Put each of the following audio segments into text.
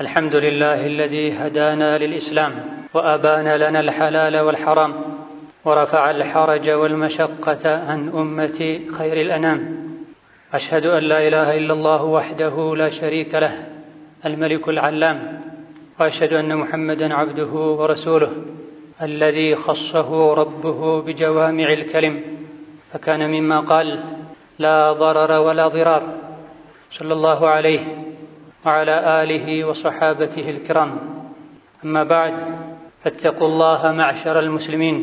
الحمد لله الذي هدانا للإسلام وأبان لنا الحلال والحرام ورفع الحرج والمشقة عن أمة خير الأنام أشهد أن لا إله إلا الله وحده لا شريك له الملك العلام وأشهد أن محمدا عبده ورسوله الذي خصه ربه بجوامع الكلم فكان مما قال لا ضرر ولا ضرار صلى الله عليه وعلى آله وصحابته الكرام أما بعد فاتقوا الله معشر المسلمين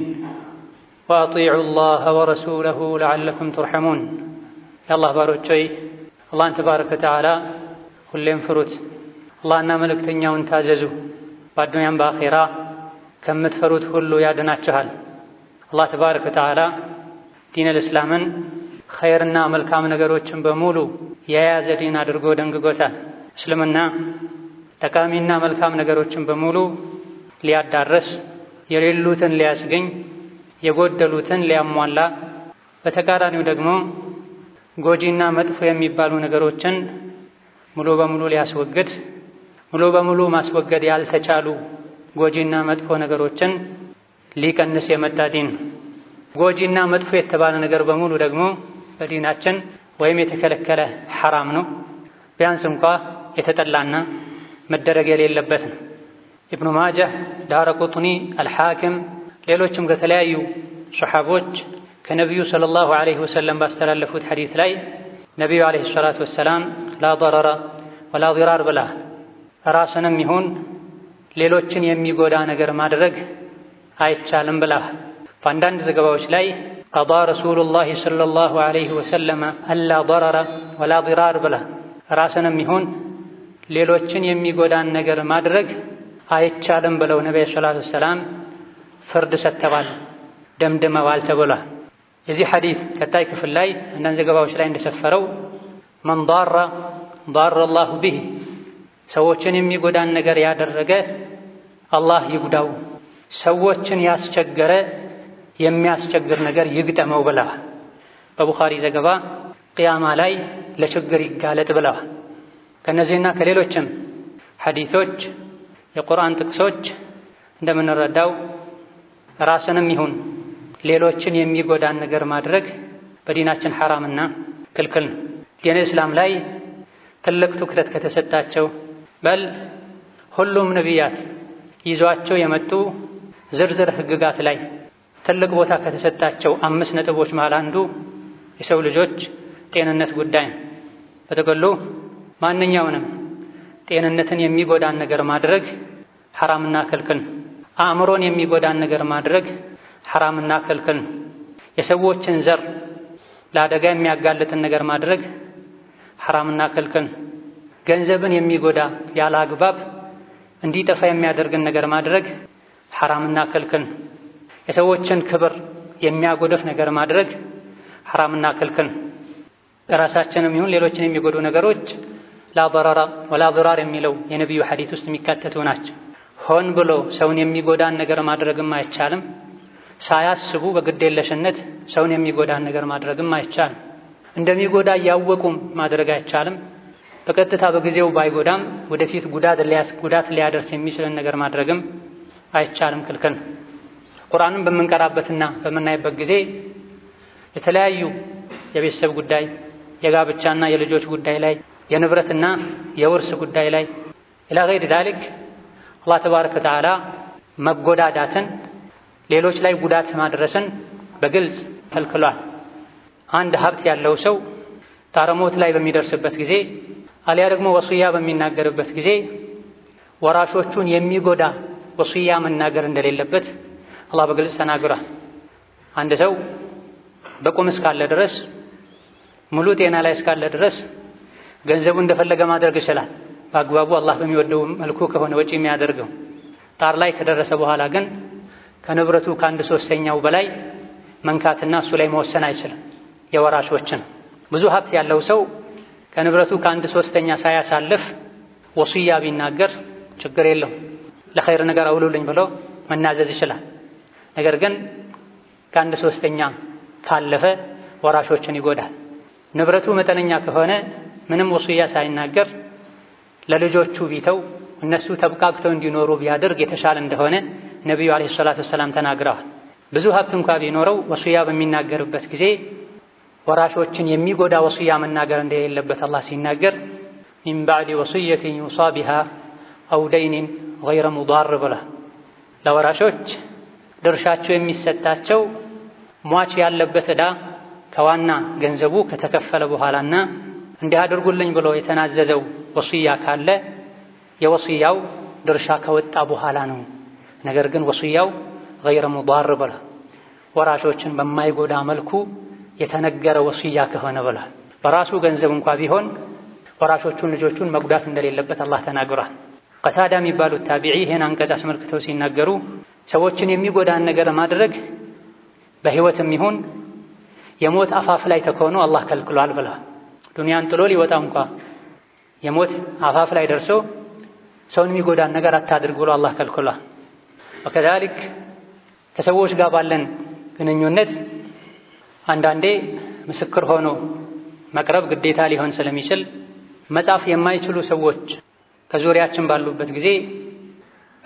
وأطيعوا الله ورسوله لعلكم ترحمون يا الله بارك شيء الله أنت بارك تعالى كل فروت الله أنا ملك تنيا وانت عززو بعد دنيا باخرة كم تفروت كل يا جهل الله تبارك وتعالى دين الإسلام خيرنا ملكا من غروتشن بمولو يا يا زدين أدرقو دنقو قتال እስልምና ጠቃሚና መልካም ነገሮችን በሙሉ ሊያዳርስ የሌሉትን ሊያስገኝ የጎደሉትን ሊያሟላ በተቃራኒው ደግሞ ጎጂና መጥፎ የሚባሉ ነገሮችን ሙሉ በሙሉ ሊያስወግድ ሙሉ በሙሉ ማስወገድ ያልተቻሉ ጎጂና መጥፎ ነገሮችን ሊቀንስ የመጣ ዲን ጎጂና መጥፎ የተባለ ነገር በሙሉ ደግሞ በዲናችን ወይም የተከለከለ ሐራም ነው ቢያንስ እንኳ የተጠላና መደረግ የሌለበት ነው። ኢብኑ ማጃህ፣ ዳረ ቁጥኒ፣ አልሐኪም ሌሎችም ከተለያዩ ሰሓቦች ከነቢዩ ሰለላሁ ዐለይሂ ወሰለም ባስተላለፉት ሐዲስ ላይ ነቢዩ ዐለይሂ ሰላቱ ወሰላም ላ ضረረ ወላ ዲራር ብለሃል። ራስንም ይሁን ሌሎችን የሚጎዳ ነገር ማድረግ አይቻልም ብለሃል። በአንዳንድ ዘገባዎች ላይ ቀዳ ረሱሉላሂ ሰለላሁ ዐለይሂ ወሰለም አላ ضረረ ወላ ዲራር ብለሃል። ራስንም ይሁን ሌሎችን የሚጎዳን ነገር ማድረግ አይቻልም ብለው ነቢዩ ሰላቱ ሰላም ፍርድ ሰጥተዋል፣ ደምድመዋል ተብሏል። የዚህ ሐዲስ ቀጣይ ክፍል ላይ አንዳንድ ዘገባዎች ላይ እንደሰፈረው መን ዳራ ዳራ አላሁ ቢህ ሰዎችን የሚጎዳን ነገር ያደረገ አላህ ይጉዳው፣ ሰዎችን ያስቸገረ የሚያስቸግር ነገር ይግጠመው ብለዋል። በቡኻሪ ዘገባ ቅያማ ላይ ለችግር ይጋለጥ ብለዋል። ከእነዚህና ከሌሎችም ሐዲሶች የቁርአን ጥቅሶች እንደምንረዳው ራስንም ይሁን ሌሎችን የሚጎዳን ነገር ማድረግ በዲናችን ሐራምና ክልክል ነው። ዲነ እስላም ላይ ትልቅ ትኩረት ከተሰጣቸው በል ሁሉም ነቢያት ይዟቸው የመጡ ዝርዝር ህግጋት ላይ ትልቅ ቦታ ከተሰጣቸው አምስት ነጥቦች መሃል አንዱ የሰው ልጆች ጤንነት ጉዳይ ነው። በጥቅሉ ማንኛውንም ጤንነትን የሚጎዳን ነገር ማድረግ ሐራምና ክልክል ነው። አእምሮን የሚጎዳን ነገር ማድረግ ሐራምና ክልክል ነው። የሰዎችን ዘር ለአደጋ የሚያጋልጥን ነገር ማድረግ ሐራምና ክልክል ነው። ገንዘብን የሚጎዳ ያለ አግባብ እንዲጠፋ የሚያደርግን ነገር ማድረግ ሐራምና ክልክል ነው። የሰዎችን ክብር የሚያጎደፍ ነገር ማድረግ ሐራምና ክልክል ነው። ራሳችንም ይሁን ሌሎችን የሚጎዱ ነገሮች ላበረራ ወላብራር የሚለው የነቢዩ ሐዲት ውስጥ የሚካተቱ ናቸው። ሆን ብሎ ሰውን የሚጎዳን ነገር ማድረግም አይቻልም። ሳያስቡ በግዴለሽነት ሰውን የሚጎዳን ነገር ማድረግም አይቻልም። እንደሚጎዳ እያወቁም ማድረግ አይቻልም። በቀጥታ በጊዜው ባይጎዳም ወደፊት ጉዳት ሊያደርስ የሚችልን ነገር ማድረግም አይቻልም፣ ክልክል ነው። ቁርአንን በምንቀራበትና በምናይበት ጊዜ የተለያዩ የቤተሰብ ጉዳይ የጋብቻና የልጆች ጉዳይ ላይ የንብረትና የውርስ ጉዳይ ላይ ኢላ ገይር ዛሊክ አላህ ተባረከ ወተዓላ መጎዳዳትን፣ ሌሎች ላይ ጉዳት ማድረስን በግልጽ ከልክሏል። አንድ ሀብት ያለው ሰው ጣረሞት ላይ በሚደርስበት ጊዜ አሊያ ደግሞ ወሱያ በሚናገርበት ጊዜ ወራሾቹን የሚጎዳ ወሱያ መናገር እንደሌለበት አላህ በግልጽ ተናግሯል። አንድ ሰው በቁም እስካለ ድረስ ሙሉ ጤና ላይ እስካለ ድረስ ገንዘቡ እንደፈለገ ማድረግ ይችላል። በአግባቡ አላህ በሚወደው መልኩ ከሆነ ወጪ የሚያደርገው ጣር ላይ ከደረሰ በኋላ ግን ከንብረቱ ከአንድ ሶስተኛው በላይ መንካትና እሱ ላይ መወሰን አይችልም። የወራሾችን ብዙ ሀብት ያለው ሰው ከንብረቱ ከአንድ ሶስተኛ ሳያሳልፍ ወሱያ ቢናገር ችግር የለው ለኸይር ነገር አውሉልኝ ብሎ መናዘዝ ይችላል። ነገር ግን ከአንድ ሶስተኛ ካለፈ ወራሾችን ይጎዳል። ንብረቱ መጠነኛ ከሆነ ምንም ወስያ ሳይናገር ለልጆቹ ቢተው እነሱ ተብቃቅተው እንዲኖሩ ቢያደርግ የተሻለ እንደሆነ ነቢዩ አለይሂ ሰላቱ ወሰላም ተናግረዋል። ብዙ ሀብት እንኳ ቢኖረው ወስያ በሚናገርበት ጊዜ ወራሾችን የሚጎዳ ወስያ መናገር እንደሌለበት አላህ ሲናገር ሚን ባዕድ ወሱየትን ዩሳ ቢሃ አው ደይኒን ገይረ ሙዳር ብላ ለወራሾች ድርሻቸው የሚሰጣቸው ሟች ያለበት ዕዳ ከዋና ገንዘቡ ከተከፈለ በኋላና እንዲህ አድርጉልኝ ብሎ የተናዘዘው ወስያ ካለ የወስያው ድርሻ ከወጣ በኋላ ነው። ነገር ግን ወስያው ገይረ ሙዳር ብሏል። ወራሾችን በማይጎዳ መልኩ የተነገረ ወስያ ከሆነ ብሏል። በራሱ ገንዘብ እንኳ ቢሆን ወራሾቹን ልጆቹን መጉዳት እንደሌለበት አላህ ተናግሯል። ቀታዳ የሚባሉት ታቢዒ ይሄን አንቀጽ አስመልክተው ሲናገሩ ሰዎችን የሚጎዳን ነገር ማድረግ በህይወትም ይሁን የሞት አፋፍ ላይ ተኮኖ አላህ ከልክሏል ብለዋል። ዱንያን ጥሎ ሊወጣ እንኳ የሞት አፋፍ ላይ ደርሶ ሰውን የሚጎዳን ነገር አታድርግ ብሎ አላህ ከልክሏል። ወከዛሊክ ከሰዎች ጋር ባለን ግንኙነት አንዳንዴ ምስክር ሆኖ መቅረብ ግዴታ ሊሆን ስለሚችል መጻፍ የማይችሉ ሰዎች ከዙሪያችን ባሉበት ጊዜ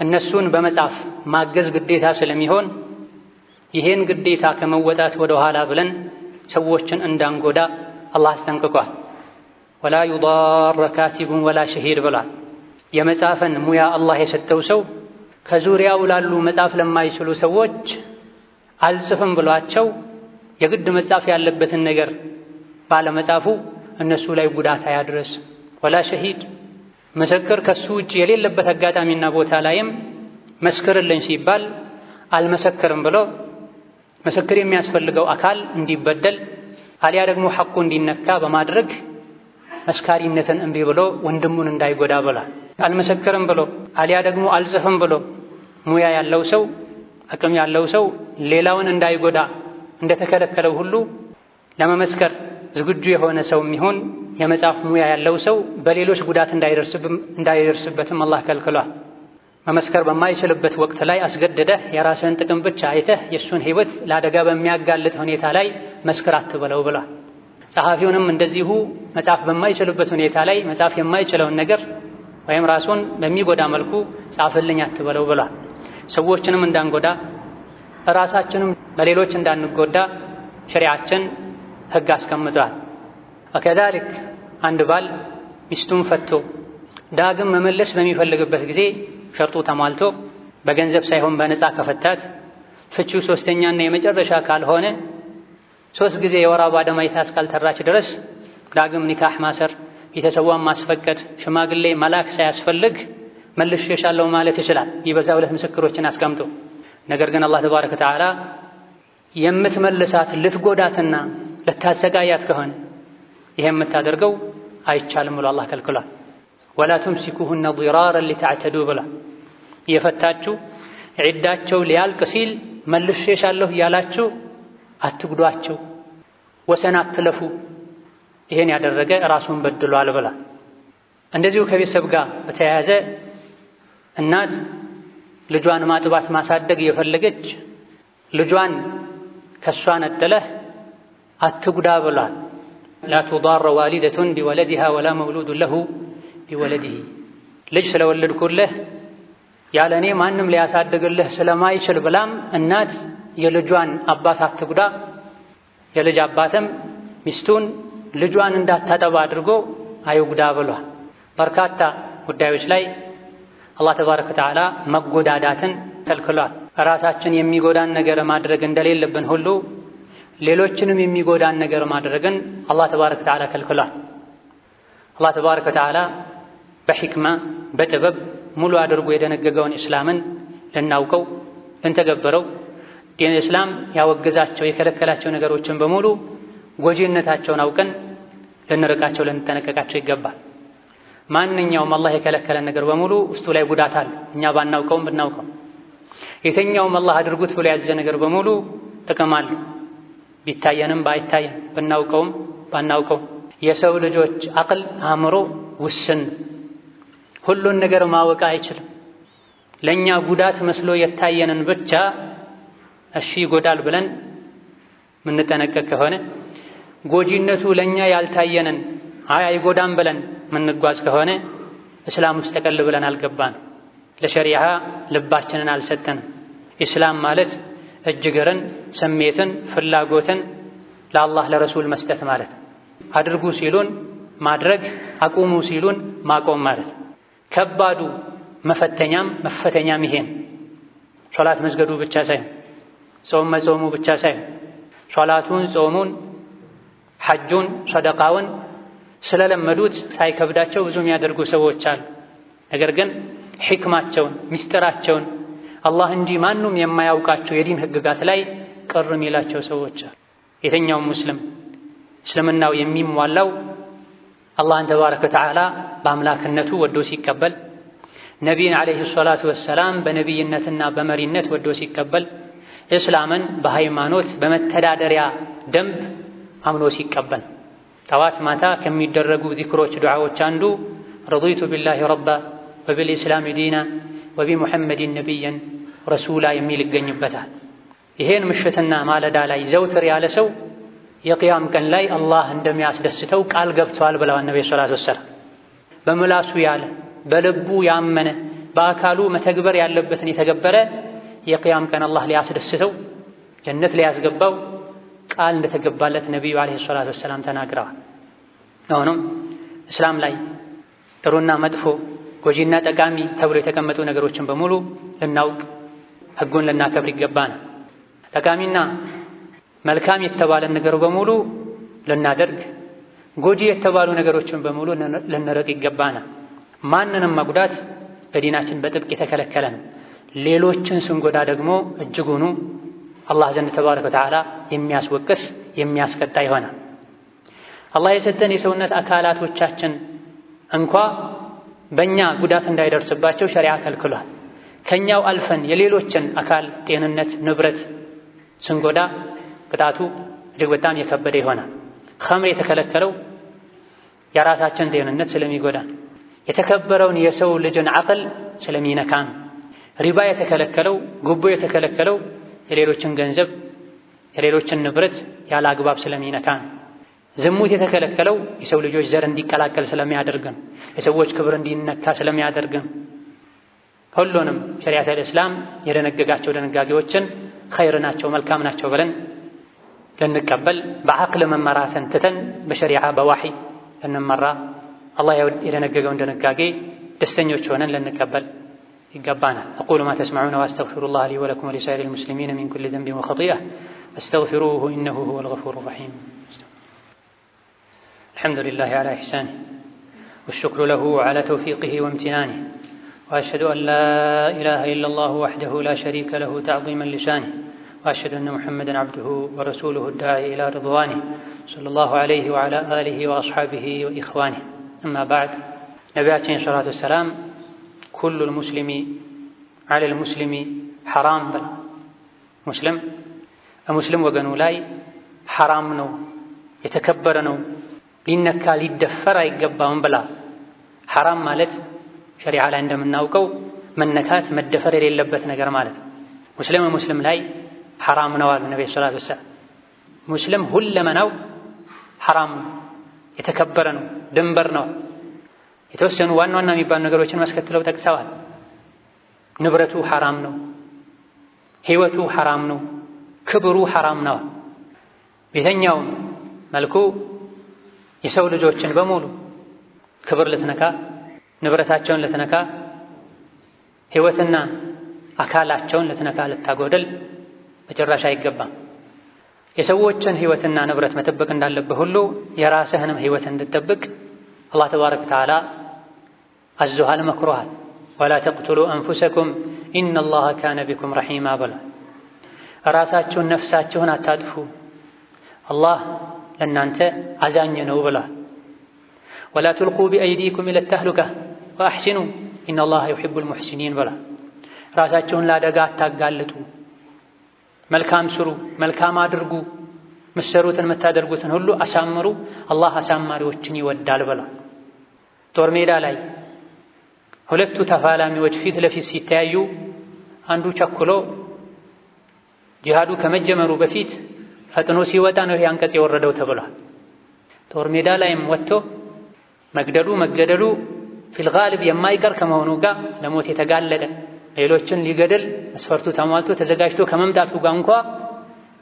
እነሱን በመጻፍ ማገዝ ግዴታ ስለሚሆን ይሄን ግዴታ ከመወጣት ወደ ኋላ ብለን ሰዎችን እንዳንጎዳ አላህ አስጠንቅቋል። ወላ ዩዳረ ካቲቡን ወላ ሸሂድ ብሏል። የመጻፍን ሙያ አላህ የሰጠው ሰው ከዙሪያው ላሉ መጻፍ ለማይችሉ ሰዎች አልጽፍም ብሏቸው የግድ መጻፍ ያለበትን ነገር ባለመጻፉ እነሱ ላይ ጉዳት አያድርስ። ወላ ሸሂድ ምስክር ከሱ ውጭ የሌለበት አጋጣሚና ቦታ ላይም መስክርልኝ ሲባል አልመሰክርም ብሎ ምስክር የሚያስፈልገው አካል እንዲበደል አሊያ ደግሞ ሐቁ እንዲነካ በማድረግ መስካሪነትን እምቢ ብሎ ወንድሙን እንዳይጎዳ ብላ አልመሰክርም ብሎ አሊያ ደግሞ አልጽፍም ብሎ ሙያ ያለው ሰው አቅም ያለው ሰው ሌላውን እንዳይጎዳ እንደተከለከለው ሁሉ ለመመስከር ዝግጁ የሆነ ሰው የሚሆን የመጻፍ ሙያ ያለው ሰው በሌሎች ጉዳት እንዳይደርስበትም አላህ ከልክሏል። መመስከር በማይችልበት ወቅት ላይ አስገድደህ የራስህን ጥቅም ብቻ አይተህ የእሱን ሕይወት ለአደጋ በሚያጋልጥ ሁኔታ ላይ መስክር አትበለው ብሏል። ጸሐፊውንም እንደዚሁ መጻፍ በማይችልበት ሁኔታ ላይ መጻፍ የማይችለውን ነገር ወይም ራሱን በሚጎዳ መልኩ ጻፍልኝ አትበለው ብሏል። ሰዎችንም እንዳንጎዳ ራሳችንም በሌሎች እንዳንጎዳ ሸሪዓችን ህግ አስቀምጠዋል። ወከዛሊክ አንድ ባል ሚስቱን ፈቶ ዳግም መመለስ በሚፈልግበት ጊዜ ሸርጡ ተሟልቶ በገንዘብ ሳይሆን በነፃ ከፈታት ፍቺው ሶስተኛና የመጨረሻ ካልሆነ ሶስት ጊዜ የወር አበባ ደም እስካልተራች ድረስ ዳግም ኒካህ ማሰር፣ ቤተሰቧን ማስፈቀድ፣ ሽማግሌ መላክ ሳያስፈልግ መልሼሻለሁ ማለት ይችላል። ይበዛ ሁለት ምስክሮችን አስቀምጦ ነገር ግን አላህ ተባረከ ወተዓላ የምትመልሳት ልትጎዳትና ልታሰቃያት ከሆነ ይሄ የምታደርገው አይቻልም ብሎ አላህ ከልክሏል። ወላ ቱምሲኩሁነ ዲራራን ሊተዕተዱ ብሏል። እየፈታችሁ ዒዳቸው ሊያልቅ ሲል መልሼሻለሁ እያላችሁ አትጉዷቸው፣ ወሰን አትለፉ። ይሄን ያደረገ ራሱን በድሏል ብላ እንደዚሁ ከቤተሰብ ጋር በተያያዘ እናት ልጇን ማጥባት ማሳደግ እየፈለገች ልጇን ከእሷ ነጥለህ አትጉዳ ብሏል። ላቱዳረ ዋሊደቱን ቢወለዲሃ ወላ መውሉዱን ለሁ ቢወለዲሂ ልጅ ስለወለድኩለህ ያለ እኔ ማንም ሊያሳድግልህ ስለማይችል ብላም እናት የልጇን አባት አትጉዳ፣ የልጅ አባትም ሚስቱን ልጇን እንዳታጠባ አድርጎ አይጉዳ ብሏል። በርካታ ጉዳዮች ላይ አላህ ተባረከ ወተዓላ መጎዳዳትን ከልክሏል። ራሳችን የሚጎዳን ነገር ማድረግ እንደሌለብን ሁሉ ሌሎችንም የሚጎዳን ነገር ማድረግን አላህ ተባረከ ወተዓላ ከልክሏል። አላህ ተባረከ ወተዓላ በሕክማ በጥበብ ሙሉ አድርጎ የደነገገውን እስላምን ልናውቀው ልንተገበረው ዲን እስላም ያወገዛቸው የከለከላቸው ነገሮችን በሙሉ ጎጂነታቸውን አውቀን ልንርቃቸው ልንጠነቀቃቸው ይገባል። ማንኛውም አላህ የከለከለን ነገር በሙሉ ውስጡ ላይ ጉዳት አለ፣ እኛ ባናውቀውም ብናውቀው። የትኛውም አላህ አድርጉት ብሎ ያዘ ነገር በሙሉ ጥቅም አለ፣ ቢታየንም ባይታየን፣ ብናውቀውም ባናውቀውም። የሰው ልጆች አቅል አእምሮ ውስን ሁሉን ነገር ማወቅ አይችልም። ለእኛ ጉዳት መስሎ የታየንን ብቻ እሺ ይጎዳል ብለን ምንጠነቀቅ ከሆነ ጎጂነቱ ለእኛ ያልታየንን አይ አይጎዳም ብለን ምንጓዝ ከሆነ እስላም ውስጥ ጠቀል ብለን አልገባን፣ ለሸሪዓ ልባችንን አልሰጠንም። ኢስላም ማለት እጅግርን፣ ስሜትን፣ ፍላጎትን ለአላህ ለረሱል መስጠት ማለት አድርጉ ሲሉን ማድረግ አቁሙ ሲሉን ማቆም ማለት ከባዱ መፈተኛም መፈተኛም ይሄን ሶላት መስገዱ ብቻ ሳይሆን ጾም መጾሙ ብቻ ሳይሆን ሶላቱን፣ ጾሙን፣ ሐጁን፣ ሰደቃውን ስለለመዱት ሳይከብዳቸው ብዙ የሚያደርጉ ሰዎች አሉ። ነገር ግን ሕክማቸውን ሚስጥራቸውን አላህ እንጂ ማንም የማያውቃቸው የዲን ህግጋት ላይ ቅር የሚላቸው ሰዎች አሉ። የትኛውም ሙስልም እስልምናው የሚሟላው አላህን ተባረከ ወተዓላ በአምላክነቱ ወዶ ሲቀበል ነቢይን ዓለይሂ ሰላቱ ወሰላም በነቢይነትና በመሪነት ወዶ ሲቀበል እስላምን በሃይማኖት በመተዳደሪያ ደንብ አምኖ ሲቀበል ጠዋት ማታ ከሚደረጉ ዚክሮች፣ ዱዓዎች አንዱ ረዲቱ ቢላሂ ረባ ወቢልኢስላሚ ዲና ወቢሙሐመድን ነቢየን ረሱላ የሚል ይገኝበታል። ይሄን ምሽትና ማለዳ ላይ ዘውትር ያለ ሰው የቅያም ቀን ላይ አላህ እንደሚያስደስተው ቃል ገብተዋል ብለዋል ነቢ ሰላቱ ወሰላም። በምላሱ ያለ በልቡ ያመነ በአካሉ መተግበር ያለበትን የተገበረ የቅያም ቀን አላህ ሊያስደስተው ጀነት ሊያስገባው ቃል እንደተገባለት ነቢዩ ዓለይሂ ሰላቱ ወሰላም ተናግረዋል። አሁንም እስላም ላይ ጥሩና መጥፎ፣ ጎጂና ጠቃሚ ተብሎ የተቀመጡ ነገሮችን በሙሉ ልናውቅ ህጉን ልናከብር ይገባናል። ጠቃሚና መልካም የተባለን ነገር በሙሉ ልናደርግ፣ ጎጂ የተባሉ ነገሮችን በሙሉ ልንርቅ ይገባናል። ማንንም መጉዳት በዲናችን በጥብቅ የተከለከለ ነው። ሌሎችን ስንጎዳ ደግሞ እጅጉኑ አላህ ዘንድ ተባረከ ወተዓላ የሚያስወቅስ የሚያስቀጣ ይሆናል። አላህ የሰጠን የሰውነት አካላቶቻችን እንኳ በእኛ ጉዳት እንዳይደርስባቸው ሸሪዓ ከልክሏል። ከእኛው አልፈን የሌሎችን አካል ጤንነት፣ ንብረት ስንጎዳ ቅጣቱ እጅግ በጣም የከበደ ይሆናል። ኸምር የተከለከለው የራሳችን ጤንነት ስለሚጎዳን፣ የተከበረውን የሰው ልጅን አቅል ስለሚነካን፣ ሪባ የተከለከለው ጉቦ የተከለከለው የሌሎችን ገንዘብ የሌሎችን ንብረት ያለ አግባብ ስለሚነካን፣ ዝሙት የተከለከለው የሰው ልጆች ዘር እንዲቀላቀል ስለሚያደርግን፣ የሰዎች ክብር እንዲነካ ስለሚያደርግን ሁሉንም ሸሪዓት እስላም የደነገጋቸው ደንጋጌዎችን ኸይር ናቸው መልካም ናቸው ብለን ልንቀበል በዓቅል መመራትን ትተን በሸሪዓ በዋሒ ልንመራ አላህ የደነገገውን ድንጋጌ ደስተኞች ሆነን ልንቀበል ይገባናል። أقول ما تسمعون وأستغفر الله لي ولكم ولسائر المسلمين من كل ذنب وخطيئة استغفروه إنه هو الغفور الرحيم الحمد لله على إحسانه والشكر له على توفيقه وامتنانه وأشهد أن لا إله إلا الله وحده لا شريك له تعظيما لشانه وأشهد أن محمدا عبده ورسوله الداعي إلى رضوانه صلى الله عليه وعلى آله وأصحابه وإخوانه أما بعد نبي عليه الصلاة والسلام كل المسلم على المسلم حرام بل مسلم المسلم وقنو لاي حرام نو يتكبر نو لدفر يقبى من بلا حرام مالت شريعة ላይ نوكو من نكات የሌለበት ነገር ማለት ነው። مسلم ومسلم لاي ሐራም ነው አሉ ነብዩ ሰለላሁ ዐለይሂ ሙስሊም ሁለመናው ሐራም የተከበረ ነው፣ ድንበር ነው። የተወሰኑ ዋና ዋና የሚባሉ ነገሮችን አስከትለው ጠቅሰዋል። ንብረቱ ሐራም ነው፣ ህይወቱ ሐራም ነው፣ ክብሩ ሐራም ነው። ቤተኛውም መልኩ የሰው ልጆችን በሙሉ ክብር ልትነካ ንብረታቸውን ልትነካ ህይወትና አካላቸውን ልትነካ ልታጎደል በጭራሽ አይገባም። የሰዎችን ህይወትና ንብረት መጠበቅ እንዳለብህ ሁሉ የራስህንም ህይወት እንድትጠብቅ አላህ ተባረከ ወተዓላ አዞሃል፣ መክሮሃል። ወላ ተቅቱሉ አንፉሰኩም ኢነላሃ ካነ ቢኩም ረሒማ ብሏል። ራሳችሁን ነፍሳችሁን አታጥፉ፣ አላህ ለእናንተ አዛኝ ነው ብሏል። ወላ ቱልቁ ቢአይዲኩም ኢለ ተህሉካ ወአሕሲኑ ኢነላሃ ዩሒቡል ሙሕሲኒን ብሏል። ራሳችሁን ለአደጋ አታጋልጡ መልካም ስሩ፣ መልካም አድርጉ፣ ምሰሩትን የምታደርጉትን ሁሉ አሳምሩ፣ አላህ አሳማሪዎችን ይወዳል ብሏል። ጦር ሜዳ ላይ ሁለቱ ተፋላሚዎች ፊት ለፊት ሲተያዩ አንዱ ቸኩሎ ጂሃዱ ከመጀመሩ በፊት ፈጥኖ ሲወጣ ነው ይህ አንቀጽ የወረደው ተብሏል። ጦር ሜዳ ላይም ወጥቶ መግደሉ መገደሉ ፊልጋልብ የማይቀር ከመሆኑ ጋር ለሞት የተጋለጠ ሌሎችን ሊገድል መስፈርቱ ተሟልቶ ተዘጋጅቶ ከመምጣቱ ጋር እንኳ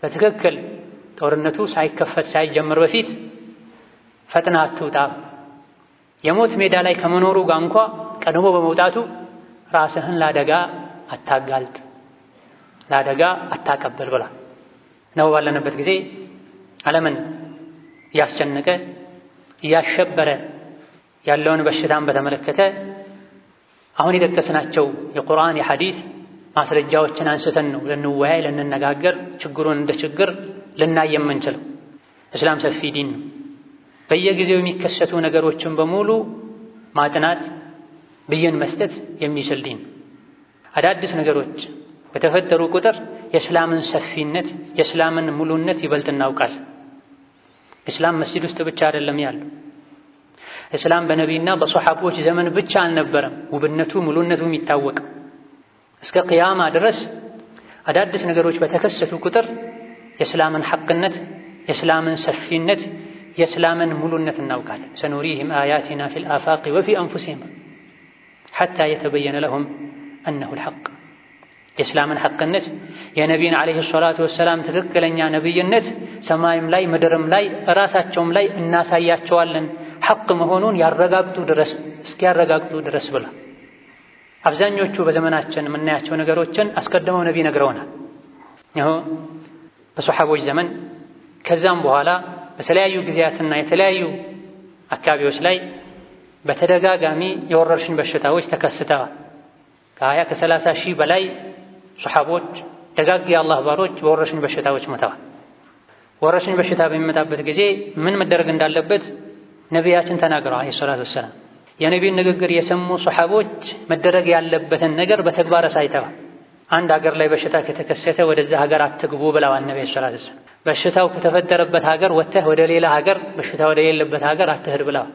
በትክክል ጦርነቱ ሳይከፈት ሳይጀምር በፊት ፈጥና አትውጣ። የሞት ሜዳ ላይ ከመኖሩ ጋር እንኳ ቀድሞ በመውጣቱ ራስህን ለአደጋ አታጋልጥ፣ ለአደጋ አታቀበል ብላ ነው ባለንበት ጊዜ ዓለምን እያስጨነቀ እያሸበረ ያለውን በሽታን በተመለከተ አሁን የጠቀስናቸው የቁርአን የሐዲስ ማስረጃዎችን አንስተን ነው ልንወያይ፣ ልንነጋገር፣ ችግሩን እንደ ችግር ልናይ የምንችለው። እስላም ሰፊ ዲን ነው። በየጊዜው የሚከሰቱ ነገሮችን በሙሉ ማጥናት፣ ብይን መስጠት የሚችል ዲን አዳዲስ ነገሮች በተፈጠሩ ቁጥር የእስላምን ሰፊነት የእስላምን ሙሉነት ይበልጥ እናውቃል። እስላም መስጂድ ውስጥ ብቻ አይደለም ያለው እስላም በነቢና በሶሓቦች ዘመን ብቻ አልነበረም ውብነቱ ሙሉነቱ የሚታወቅ እስከ ቅያማ ድረስ አዳዲስ ነገሮች በተከሰቱ ቁጥር የእስላምን ሐቅነት፣ የእስላምን ሰፊነት፣ የእስላምን ሙሉነት እናውቃለን። ሰኑሪህም አያቲና ፊል አፋቂ ወፊ አንፉሲህም ሐታ የተበየነ ለሁም እነሁል ልሐቅ የእስላምን ሐቅነት የነቢይን ዓለይሂ ሰላቱ ወሰላም ትክክለኛ ነቢይነት ሰማይም ላይ ምድርም ላይ ራሳቸውም ላይ እናሳያቸዋለን። ሐቅ መሆኑን ያረጋግጡ ድረስ እስኪያረጋግጡ ድረስ ብላ አብዛኞቹ በዘመናችን የምናያቸው ነገሮችን አስቀድመው ነቢ ነግረውናል። ይኸው በሶሐቦች ዘመን ከዛም በኋላ በተለያዩ ጊዜያትና የተለያዩ አካባቢዎች ላይ በተደጋጋሚ የወረርሽኝ በሽታዎች ተከስተዋል። ከሀያ ከሰላሳ ሺህ በላይ ሶሐቦች ደጋግ የአላህ ባሮች በወረርሽኝ በሽታዎች ሞተዋል። ወረርሽኝ በሽታ በሚመጣበት ጊዜ ምን መደረግ እንዳለበት ነቢያችን ተናግረው አለይሂ ሰላቱ ወሰላም የነቢን ንግግር የሰሙ ሶሐቦች መደረግ ያለበትን ነገር በተግባር አሳይተዋል። አንድ ሀገር ላይ በሽታ ከተከሰተ ወደዛ ሀገር አትግቡ ብለዋል ነቢዩ ሰለላሁ ዐለይሂ ወሰለም። በሽታው ከተፈጠረበት ሀገር ወጥተህ ወደ ሌላ ሀገር በሽታ ወደ ሌለበት ሀገር አትህድ ብለዋል።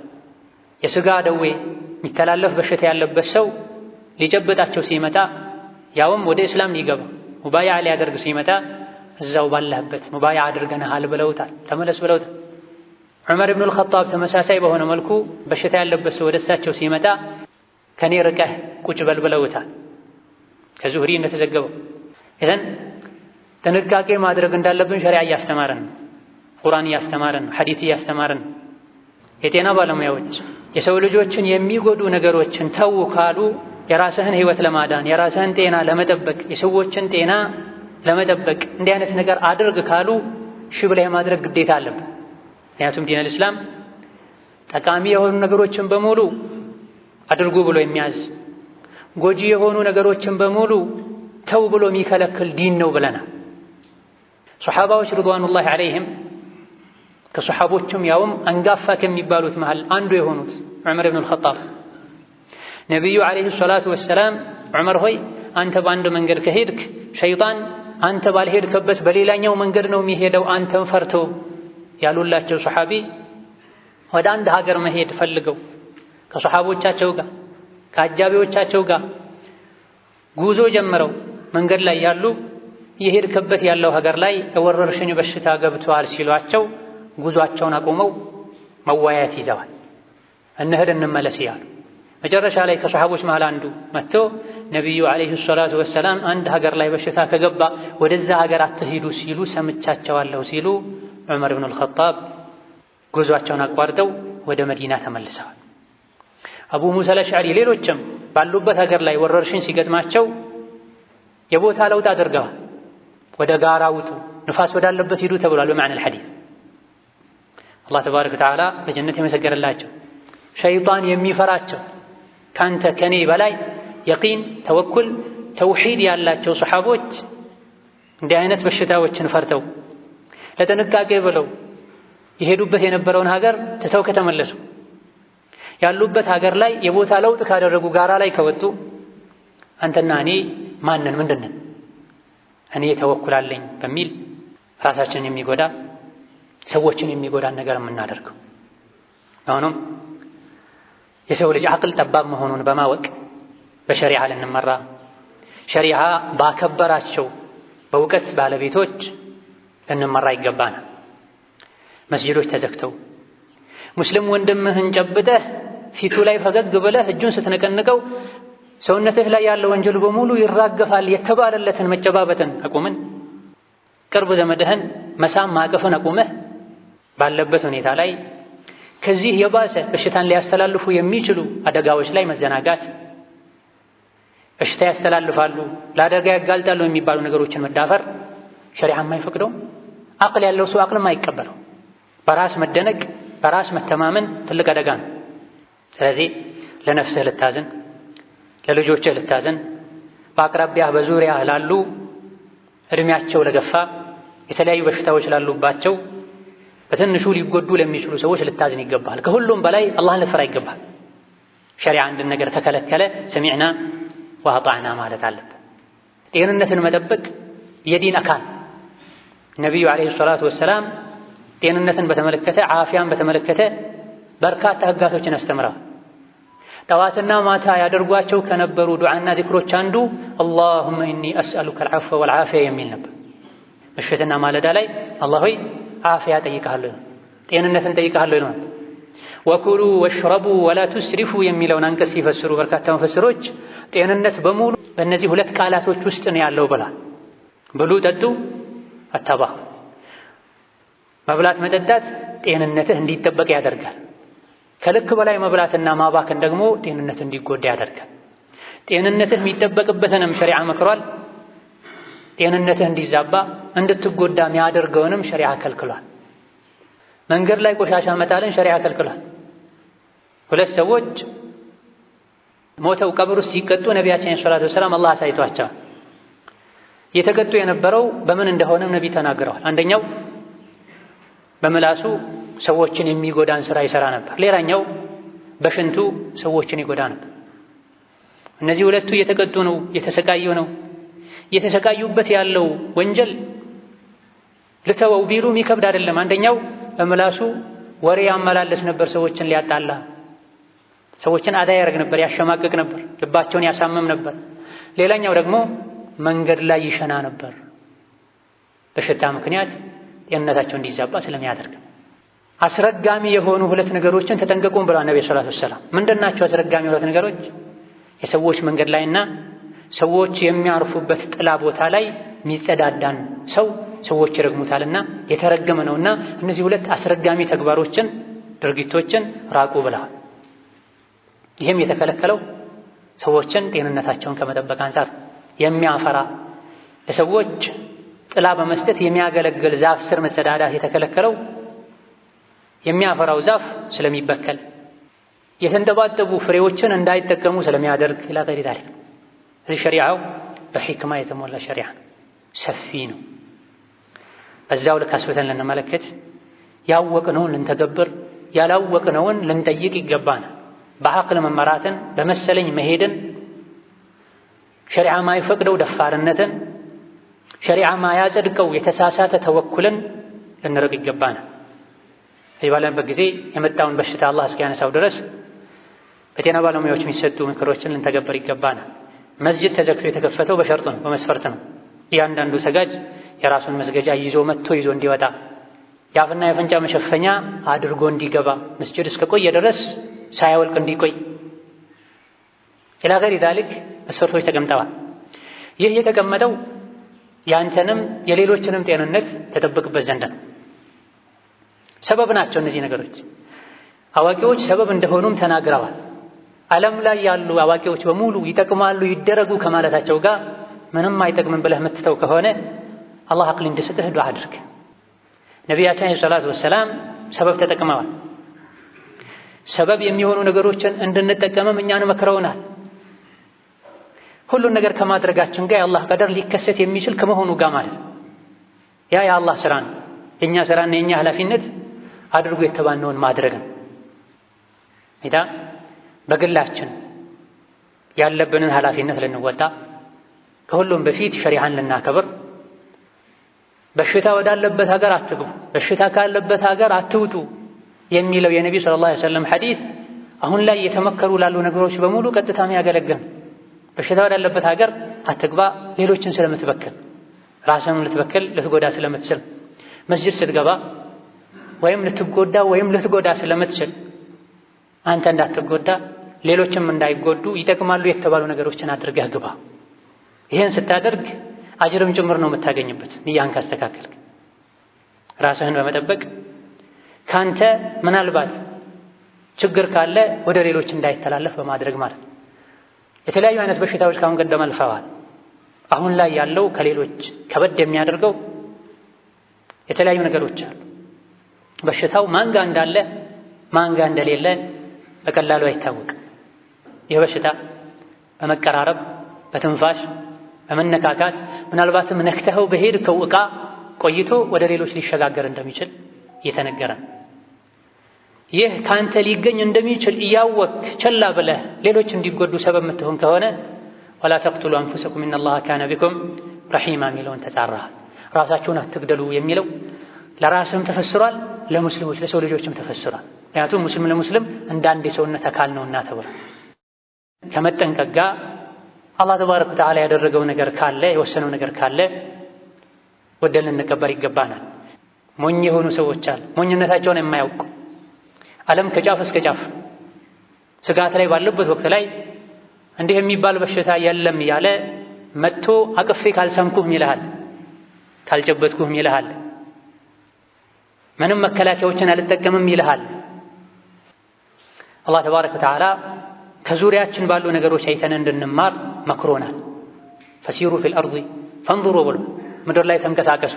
የሥጋ ደዌ የሚተላለፍ በሽታ ያለበት ሰው ሊጨብጣቸው ሲመጣ ያውም ወደ እስላም ሊገባ ሙባያ ሊያደርግ ሲመጣ እዛው ባለህበት ሙባያ አድርገንሃል ብለውታል፣ ተመለስ ብለውታል። ዑመር ኢብኑል ኸጣብ ተመሳሳይ በሆነ መልኩ በሽታ ያለበት ሰው ወደ እሳቸው ሲመጣ ከኔ ርቀህ ቁጭ በል ብለውታል። ከዙህሪ እንደተዘገበው ይህን ጥንቃቄ ማድረግ እንዳለብን ሸሪያ እያስተማረን ነው። ቁርአን እያስተማረን ነው። ሐዲት እያስተማረን የጤና ባለሙያዎች የሰው ልጆችን የሚጎዱ ነገሮችን ተው ካሉ የራስህን ህይወት ለማዳን የራስህን ጤና ለመጠበቅ የሰዎችን ጤና ለመጠበቅ እንዲህ አይነት ነገር አድርግ ካሉ ሺ ብለህ ማድረግ ግዴታ አለብን። ምክንያቱም ዲነል እስላም ጠቃሚ የሆኑ ነገሮችን በሙሉ አድርጉ ብሎ የሚያዝ ጎጂ የሆኑ ነገሮችን በሙሉ ተው ብሎ የሚከለክል ዲን ነው ብለናል። ሶሓባዎች ሪድዋኑላሂ ዓለይሂም ከሶሓቦችም ያውም አንጋፋ ከሚባሉት መሃል አንዱ የሆኑት ዑመር ኢብኑል ኸጣብ ነቢዩ ዓለይሂ ሰላቱ ወሰላም ዑመር ሆይ አንተ በአንድ መንገድ ከሄድክ ሸይጣን አንተ ባልሄድከበት በሌላኛው መንገድ ነው የሚሄደው አንተን ፈርቶ ያሉላቸው ሰሓቢ ወደ አንድ ሀገር መሄድ ፈልገው ከሰሓቦቻቸው ጋር ከአጃቢዎቻቸው ጋር ጉዞ ጀምረው መንገድ ላይ ያሉ የሄድክበት ያለው ሀገር ላይ የወረርሽኝ በሽታ ገብቷል ሲሏቸው ጉዟቸውን አቁመው መዋያት ይዘዋል። እንሂድ እንመለስ እያሉ መጨረሻ ላይ ከሰሓቦች መሃል አንዱ መጥቶ ነቢዩ ዓለይሂ ሰላቱ ወሰላም አንድ ሀገር ላይ በሽታ ከገባ ወደዛ ሀገር አትሂዱ ሲሉ ሰምቻቸዋለሁ ሲሉ ዑመር ብን አልኸጣብ ጉዟቸውን አቋርጠው ወደ መዲና ተመልሰዋል። አቡ ሙሳ አልአሽዓሪ ሌሎችም ባሉበት ሀገር ላይ ወረርሽኝ ሲገጥማቸው የቦታ ለውጥ አድርገዋል። ወደ ጋራ ውጡ፣ ንፋስ ወዳለበት ሂዱ ተብሏል በማዕና አልሐዲስ። አላህ ተባረከ ወተዓላ በጀነት የመሰገነላቸው ሸይጣን የሚፈራቸው ካንተ ከኔ በላይ የቂን ተወኩል ተውሂድ ያላቸው ሰሓቦች እንዲህ አይነት በሽታዎችን ፈርተው ለጥንቃቄ ብለው የሄዱበት የነበረውን ሀገር ትተው ከተመለሱ ያሉበት ሀገር ላይ የቦታ ለውጥ ካደረጉ ጋራ ላይ ከወጡ አንተና እኔ ማንን ምንድነን እኔ ተወኩላለኝ በሚል ራሳችንን የሚጎዳ ሰዎችን የሚጎዳን ነገር የምናደርገው። አሁንም የሰው ልጅ አቅል ጠባብ መሆኑን በማወቅ በሸሪዓ ልንመራ ሸሪዓ ባከበራቸው በእውቀት ባለቤቶች ልንመራ ይገባናል። መስጅዶች ተዘግተው ሙስሊም ወንድምህን ጨብጠህ ፊቱ ላይ ፈገግ ብለህ እጁን ስትነቀንቀው ሰውነትህ ላይ ያለ ወንጀል በሙሉ ይራገፋል የተባለለትን መጨባበትን አቁምን። ቅርብ ዘመድህን መሳም ማቀፍን አቁመህ ባለበት ሁኔታ ላይ ከዚህ የባሰ በሽታን ሊያስተላልፉ የሚችሉ አደጋዎች ላይ መዘናጋት፣ በሽታ ያስተላልፋሉ፣ ለአደጋ ያጋልጣሉ የሚባሉ ነገሮችን መዳፈር ሸሪዓ አይፈቅደውም። አቅል ያለው ሰው አቅልም አይቀበለው። በራስ መደነቅ፣ በራስ መተማመን ትልቅ አደጋ ነው። ስለዚህ ለነፍስህ ልታዝን፣ ለልጆችህ ልታዝን፣ በአቅራቢያህ በዙሪያህ ላሉ እድሜያቸው ለገፋ የተለያዩ በሽታዎች ላሉባቸው በትንሹ ሊጎዱ ለሚችሉ ሰዎች ልታዝን ይገባል። ከሁሉም በላይ አላህን ልትፈራ ይገባል። ሸሪዓ አንድን ነገር ከከለከለ ሰሚዕና ወአጣዕና ማለት አለብን። ጤንነትን መጠበቅ የዲን አካል ነቢዩ ዓለይሂ ሰላቱ ወሰላም ጤንነትን በተመለከተ ዓፊያን በተመለከተ በርካታ ህጋቶችን አስተምረዋል። ጠዋትና ማታ ያደርጓቸው ከነበሩ ዱዓና ዚክሮች አንዱ አላሁመ ኢኒ አስአሉከ አልዐፍወ ወልዓፊያ የሚል ነበር። ምሽትና ማለዳ ላይ አላህ ሆይ ዓፊያ ጠይቀሃለሁ፣ ጤንነትን ጠይቀሃለሁ ይለዋል። ወኩሉ ወሽረቡ ወላ ቱስሪፉ የሚለውን አንቀጽ ሲፈስሩ በርካታ መፈስሮች ጤንነት በሙሉ በእነዚህ ሁለት ቃላቶች ውስጥ ነው ያለው ብሏል። ብሉ፣ ጠጡ አታባ መብላት መጠጣት ጤንነትህ እንዲጠበቅ ያደርጋል። ከልክ በላይ መብላትና ማባክን ደግሞ ጤንነትህ እንዲጎዳ ያደርጋል። ጤንነትህ የሚጠበቅበትንም ሸሪዓ መክሯል። ጤንነትህ እንዲዛባ እንድትጎዳ የሚያደርገውንም ሸሪዓ ከልክሏል። መንገድ ላይ ቆሻሻ መጣልን ሸሪዓ ከልክሏል። ሁለት ሰዎች ሞተው ቀብር ውስጥ ሲቀጡ ነቢያችን ሰለላሁ ዐለይሂ ወሰለም አላህ አሳይቷቸዋል። የተቀጡ የነበረው በምን እንደሆነም ነቢ ተናግረዋል። አንደኛው በምላሱ ሰዎችን የሚጎዳን ስራ ይሰራ ነበር። ሌላኛው በሽንቱ ሰዎችን ይጎዳ ነበር። እነዚህ ሁለቱ እየተቀጡ ነው፣ እየተሰቃዩ ነው። እየተሰቃዩበት ያለው ወንጀል ልተወው ቢሉ ይከብድ አይደለም። አንደኛው በምላሱ ወሬ ያመላለስ ነበር፣ ሰዎችን ሊያጣላ፣ ሰዎችን አዳ ያደርግ ነበር፣ ያሸማቅቅ ነበር፣ ልባቸውን ያሳምም ነበር። ሌላኛው ደግሞ መንገድ ላይ ይሸና ነበር። በሽታ ምክንያት ጤንነታቸው እንዲዛባ ስለሚያደርግ አስረጋሚ የሆኑ ሁለት ነገሮችን ተጠንቀቁም ብለዋል ነቢ ሰለላሁ ዐለይሂ ወሰለም። ምንድናቸው አስረጋሚ ሁለት ነገሮች? የሰዎች መንገድ ላይና ሰዎች የሚያርፉበት ጥላ ቦታ ላይ የሚጸዳዳን ሰው ሰዎች ይረግሙታልና የተረገመ ነውና እነዚህ ሁለት አስረጋሚ ተግባሮችን፣ ድርጊቶችን ራቁ ብለዋል። ይህም የተከለከለው ሰዎችን ጤንነታቸውን ከመጠበቅ አንጻር የሚያፈራ ለሰዎች ጥላ በመስጠት የሚያገለግል ዛፍ ስር መሰዳዳት የተከለከለው የሚያፈራው ዛፍ ስለሚበከል የተንጠባጠቡ ፍሬዎችን እንዳይጠቀሙ ስለሚያደርግ ላቀሪ ታሪክ ነው። እዚህ ሸሪዓው በሕክማ የተሞላ ሸሪዓ ነው፣ ሰፊ ነው። በዛው ልክ አስብተን ልንመለከት ያወቅነውን ልንተገብር ያላወቅነውን ልንጠይቅ ይገባናል። በአቅል መመራትን በመሰለኝ መሄድን ሸሪዓ ማይፈቅደው ደፋርነትን፣ ሸሪዓ ማያጸድቀው የተሳሳተ ተወኩልን ልንርቅ ይገባናል። እዚህ ባለንበት ጊዜ የመጣውን በሽታ አላህ እስኪያነሳው ድረስ በጤና ባለሙያዎች የሚሰጡ ምክሮችን ልንተገበር ይገባናል። መስጅድ ተዘግቶ የተከፈተው በሸርጥ ነው፣ በመስፈርት ነው። እያንዳንዱ ሰጋጅ የራሱን መስገጃ ይዞ መጥቶ ይዞ እንዲወጣ የአፍና የአፍንጫ መሸፈኛ አድርጎ እንዲገባ መስጅድ እስከ ቆየ ድረስ ሳያወልቅ እንዲቆይ ኢላ ገይሪ ዛሊክ መስፈርቶች ተቀምጠዋል። ይህ የተቀመጠው የአንተንም የሌሎችንም ጤንነት ተጠብቅበት ዘንድ ነው። ሰበብ ናቸው እነዚህ ነገሮች። አዋቂዎች ሰበብ እንደሆኑም ተናግረዋል። ዓለም ላይ ያሉ አዋቂዎች በሙሉ ይጠቅማሉ ይደረጉ ከማለታቸው ጋር ምንም አይጠቅምም ብለህ የምትተው ከሆነ አላህ አቅል እንዲሰጥህ ዱዓ አድርግ። ነቢያችን ዓለይሂ ሰላቱ ወሰላም ሰበብ ተጠቅመዋል። ሰበብ የሚሆኑ ነገሮችን እንድንጠቀምም እኛን መክረውናል። ሁሉን ነገር ከማድረጋችን ጋር የአላህ ቀደር ሊከሰት የሚችል ከመሆኑ ጋር ማለት ያ የአላህ ስራ ነው። የእኛ ስራና የእኛ ኃላፊነት አድርጎ የተባነውን ማድረግ ነው። ሄዳ በግላችን ያለብንን ኃላፊነት ልንወጣ፣ ከሁሉም በፊት ሸሪሃን ልናከብር፣ በሽታ ወዳለበት ሀገር አትግቡ፣ በሽታ ካለበት ሀገር አትውጡ የሚለው የነቢዩ ሰለላሁ ዐለይሂ ወሰለም ሐዲስ አሁን ላይ የተመከሩ ላሉ ነገሮች በሙሉ ቀጥታ የሚያገለግል በሽታ ወዳለበት ሀገር አትግባ፣ ሌሎችን ስለምትበክል ራስህም ልትበክል ልትጎዳ ስለምትችል። መስጅድ ስትገባ ወይም ልትጎዳ ወይም ልትጎዳ ስለምትችል አንተ እንዳትጎዳ ሌሎችም እንዳይጎዱ ይጠቅማሉ የተባሉ ነገሮችን አድርገህ ግባ። ይህን ስታደርግ አጅርም ጭምር ነው የምታገኝበት። ንያህን ካስተካከልክ ራስህን በመጠበቅ ካንተ ምናልባት ችግር ካለ ወደ ሌሎች እንዳይተላለፍ በማድረግ ማለት ነው። የተለያዩ አይነት በሽታዎች ከአሁን ቀደም አልፈዋል። አሁን ላይ ያለው ከሌሎች ከበድ የሚያደርገው የተለያዩ ነገሮች አሉ። በሽታው ማንጋ እንዳለ ማንጋ እንደሌለ በቀላሉ አይታወቅም። ይህ በሽታ በመቀራረብ በትንፋሽ በመነካካት ምናልባትም ነክተኸው በሄድከው ዕቃ ቆይቶ ወደ ሌሎች ሊሸጋገር እንደሚችል እየተነገረ ነው። ይህ ካንተ ሊገኝ እንደሚችል እያወክ ቸላ ብለህ ሌሎች እንዲጎዱ ሰበብ የምትሆን ከሆነ ወላ ተቅቱሉ አንፉሰኩም ኢነላሃ ካነ ቢኩም ረሒማ የሚለውን ተጻራ። ራሳችሁን አትግደሉ የሚለው ለራስም ተፈስሯል፣ ለሙስሊሞች ለሰው ልጆችም ተፈስሯል። ምክንያቱም ሙስሊም ለሙስሊም እንደ አንድ የሰውነት አካል ነውና ተብሎ ከመጠንቀቅ ጋር አላህ ተባረከ ወተዓላ ያደረገው ነገር ካለ የወሰነው ነገር ካለ ወደን ልንቀበል ይገባናል። ሞኝ የሆኑ ሰዎች አሉ፣ ሞኝነታቸውን የማያውቁ ዓለም ከጫፍ እስከ ጫፍ ስጋት ላይ ባለበት ወቅት ላይ እንዲህ የሚባል በሽታ የለም እያለ መጥቶ አቅፌ ካልሰምኩህም ይልሃል፣ ካልጨበጥኩህም ይልሃል፣ ምንም መከላከያዎችን አልጠቀምም ይልሃል። አላህ ተባረከ ወተዓላ ከዙሪያችን ባሉ ነገሮች አይተን እንድንማር መክሮናል። ፈሲሩ ፊል አርዲ ፈንዙሩ ብሎ ምድር ላይ ተንቀሳቀሱ።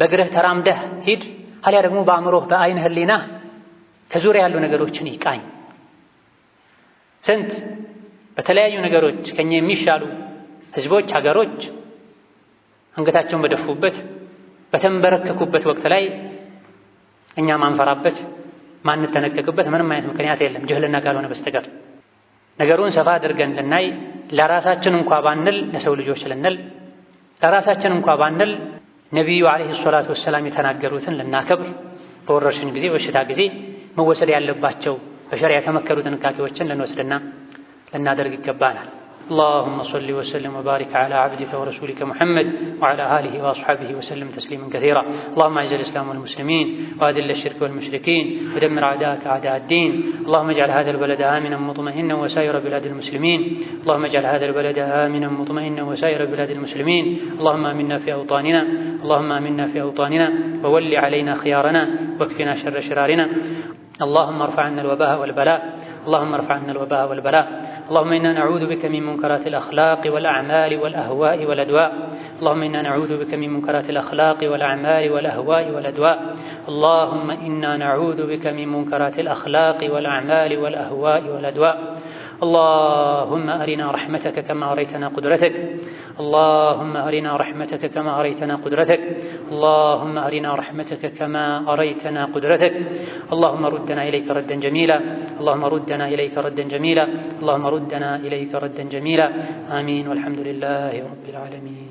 በእግርህ ተራምደህ ሂድ፣ አሊያ ደግሞ በአእምሮህ በአይን ህሊናህ ከዙሪያ ያሉ ነገሮችን ይቃኝ። ስንት በተለያዩ ነገሮች ከኛ የሚሻሉ ህዝቦች፣ ሀገሮች አንገታቸውን በደፉበት በተንበረከኩበት ወቅት ላይ እኛ ማንፈራበት ማንጠነቀቅበት ምንም አይነት ምክንያት የለም ጅህልና ካልሆነ በስተቀር ነገሩን ሰፋ አድርገን ልናይ ለራሳችን እንኳ ባንል ለሰው ልጆች ልንል ለራሳችን እንኳ ባንል ነቢዩ ዓለይሂ ሰላቱ ወሰላም የተናገሩትን ልናከብር በወረርሽኝ ጊዜ በሽታ ጊዜ መወሰድ ያለባቸው በሸሪያ የተመከሉ ጥንቃቄዎችን ልንወስድና ልናደርግ ይገባናል። اللهم صل وسلم وبارك على عبدك ورسولك محمد وعلى آله وأصحابه وسلم تسليما كثيرا اللهم أعز الإسلام والمسلمين وأذل الشرك والمشركين ودمر أعداءك أعداء الدين اللهم اجعل هذا البلد آمنا مطمئنا وسائر بلاد المسلمين اللهم اجعل هذا البلد آمنا مطمئنا وسائر بلاد المسلمين اللهم آمنا في أوطاننا اللهم آمنا في أوطاننا وول علينا خيارنا واكفنا شر شرارنا اللهم ارفع عنا الوباء والبلاء اللهم ارفع عنا الوباء والبلاء اللهم إنا نعوذ بك من منكرات الأخلاق والأعمال والأهواء والأدواء اللهم إنا نعوذ بك من منكرات الأخلاق والأعمال والأهواء والأدواء اللهم إنا نعوذ بك من منكرات الأخلاق والأعمال والأهواء والأدواء اللهم أرنا رحمتك كما أريتنا قدرتك اللهم أرنا رحمتك كما أريتنا قدرتك اللهم أرنا رحمتك كما أريتنا قدرتك اللهم ردنا إليك ردا جميلا اللهم ردنا إليك ردا جميلا اللهم ردنا إليك ردا جميلا آمين والحمد لله رب العالمين